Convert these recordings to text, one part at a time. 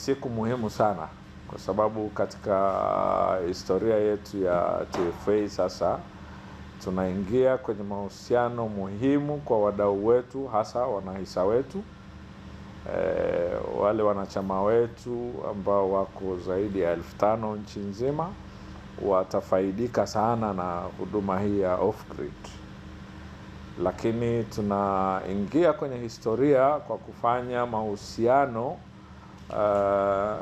siku muhimu sana kwa sababu katika historia yetu ya TFA sasa tunaingia kwenye mahusiano muhimu kwa wadau wetu, hasa wanahisa wetu e, wale wanachama wetu ambao wako zaidi ya elfu tano nchi nzima watafaidika sana na huduma hii ya off grid, lakini tunaingia kwenye historia kwa kufanya mahusiano uh,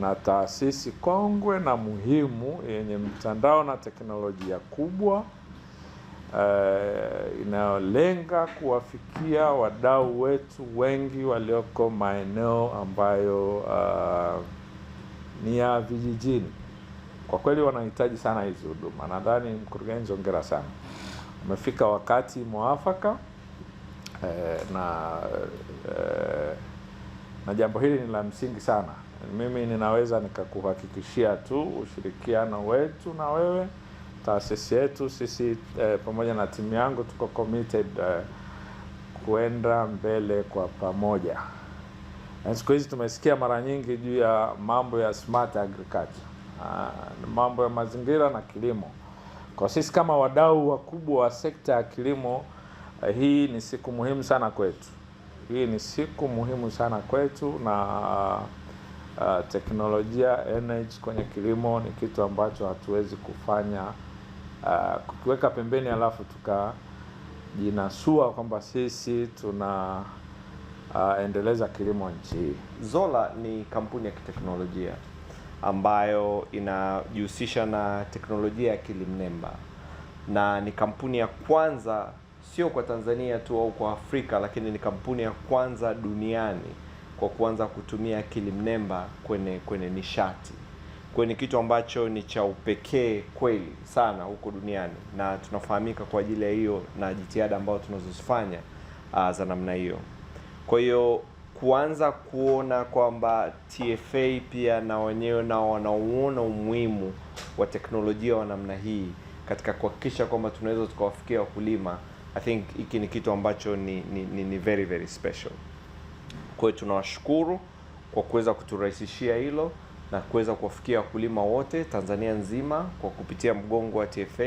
na taasisi kongwe na muhimu yenye mtandao na teknolojia kubwa uh, inayolenga kuwafikia wadau wetu wengi walioko maeneo ambayo uh, ni ya vijijini. Kwa kweli wanahitaji sana hizi huduma. Nadhani mkurugenzi, ongera sana, umefika wakati mwafaka eh, na eh, na jambo hili ni la msingi sana. Mimi ninaweza nikakuhakikishia tu ushirikiano wetu na wewe, taasisi yetu sisi, eh, pamoja na timu yangu tuko committed eh, kuenda mbele kwa pamoja. Na siku hizi tumesikia mara nyingi juu ya mambo ya smart agriculture, ah, mambo ya mazingira na kilimo. Kwa sisi kama wadau wakubwa wa sekta ya kilimo, eh, hii ni siku muhimu sana kwetu hii ni siku muhimu sana kwetu na uh, teknolojia energy kwenye kilimo ni kitu ambacho hatuwezi kufanya uh, kukiweka pembeni alafu tukajinasua kwamba sisi tuna uh, endeleza kilimo nchi hii. Zola ni kampuni ya kiteknolojia ambayo inajihusisha na teknolojia ya kilimnemba na ni kampuni ya kwanza sio kwa Tanzania tu au kwa Afrika, lakini ni kampuni ya kwanza duniani kwa kuanza kutumia akili mnemba kwenye kwenye nishati. kwenye ni kitu ambacho ni cha upekee kweli sana huko duniani, na tunafahamika kwa ajili ya hiyo na jitihada ambazo tunazozifanya ah, za namna hiyo. Kwa hiyo kuanza kuona kwamba TFA pia na wenyewe nao wanauona umuhimu wa teknolojia wa namna hii katika kuhakikisha kwamba tunaweza tukawafikia wakulima. I think hiki ni kitu ambacho ni, ni, ni, ni very very special. Kwa tunawashukuru kwa kuweza kuturahisishia hilo na kuweza kuwafikia wakulima wote Tanzania nzima kwa kupitia mgongo wa TFA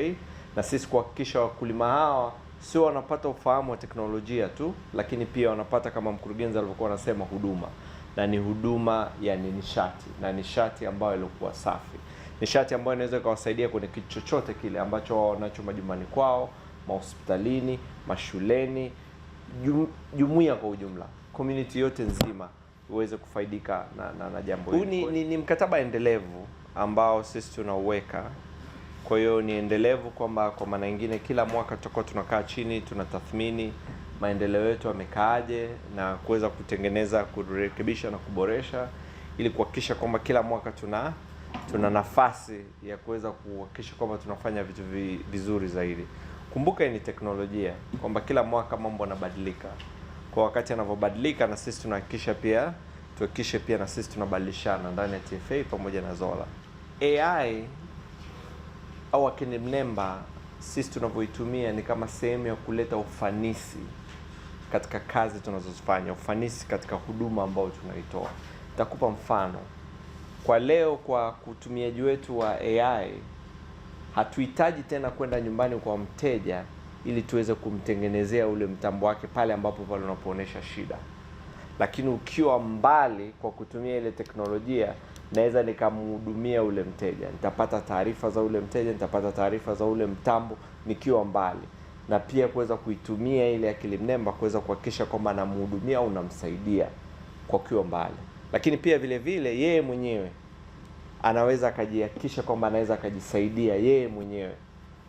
na sisi kuhakikisha wakulima hawa sio wanapata ufahamu wa teknolojia tu, lakini pia wanapata kama mkurugenzi alivyokuwa anasema huduma, na ni huduma ya nishati na nishati ambayo ilikuwa safi, nishati ambayo inaweza ikawasaidia kwenye kitu chochote kile ambacho wao wanacho majumbani kwao mahospitalini, mashuleni, jumuiya kwa ujumla, community yote nzima uweze kufaidika na, na, na jambo hili. Ni, ni, ni mkataba endelevu ambao sisi tunauweka. Kwa hiyo ni endelevu kwamba kwa maana nyingine kila mwaka tutakuwa tunakaa chini tunatathmini maendeleo yetu yamekaaje na kuweza kutengeneza, kurekebisha na kuboresha ili kuhakikisha kwamba kila mwaka tuna tuna nafasi ya kuweza kuhakikisha kwamba tunafanya vitu vizuri zaidi kumbuka ni teknolojia kwamba kila mwaka mambo yanabadilika, kwa wakati yanavyobadilika na sisi tunahakikisha pia tuhakikishe pia na sisi tunabadilishana ndani ya TFA pamoja na Zola. AI au akini mnemba sisi tunavyoitumia ni kama sehemu ya kuleta ufanisi katika kazi tunazozifanya, ufanisi katika huduma ambayo tunaitoa. Nitakupa mfano kwa leo, kwa kutumiaji wetu wa AI hatuhitaji tena kwenda nyumbani kwa mteja ili tuweze kumtengenezea ule mtambo wake pale ambapo pale unapoonyesha shida. Lakini ukiwa mbali, kwa kutumia ile teknolojia, naweza nikamhudumia ule mteja, nitapata taarifa za ule mteja, nitapata taarifa za ule mtambo nikiwa mbali, na pia kuweza kuitumia ile akili mnemba kuweza kuhakikisha kwamba namhudumia au namsaidia kwa kiwa mbali, lakini pia vile vile yeye mwenyewe anaweza akajihakikisha kwamba anaweza akajisaidia yeye mwenyewe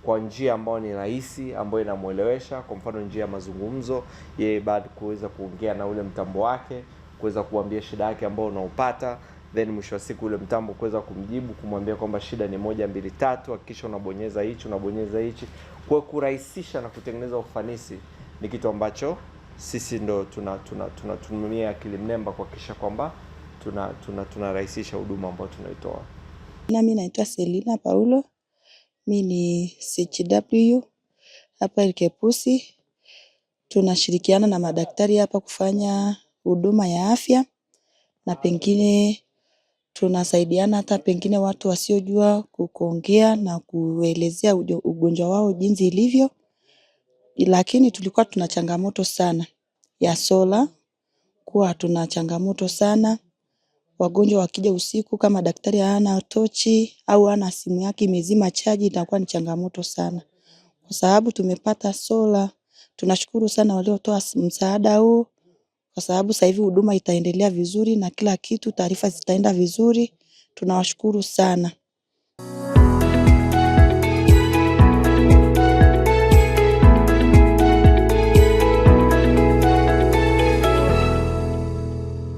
kwa njia ambayo ni rahisi ambayo inamwelewesha, kwa mfano njia ya mazungumzo, yeye bado kuweza kuongea na ule mtambo wake, kuweza kuambia shida yake ambayo unaopata, then mwisho wa siku ule mtambo kuweza kumjibu, kumwambia kwamba shida ni moja mbili tatu, hakikisha unabonyeza hichi unabonyeza hichi. Kwa kurahisisha na kutengeneza ufanisi ni kitu ambacho sisi ndo tunatumia tuna, tuna, tuna akili mnemba kuhakikisha kwamba tunarahisisha tuna, tuna huduma ambayo tunaitoa. mimi naitwa Selina Paulo, mi ni CHW hapa Ilkepusi. Tunashirikiana na madaktari hapa kufanya huduma ya afya, na pengine tunasaidiana hata pengine watu wasiojua kuongea na kuelezea ugonjwa wao jinsi ilivyo, lakini tulikuwa tuna changamoto sana ya sola, kuwa tuna changamoto sana wagonjwa wakija usiku kama daktari hana tochi au hana simu yake imezima chaji itakuwa ni changamoto sana. Kwa sababu tumepata sola, tunashukuru sana waliotoa msaada huu kwa sababu sasa hivi huduma itaendelea vizuri na kila kitu taarifa zitaenda vizuri. Tunawashukuru sana.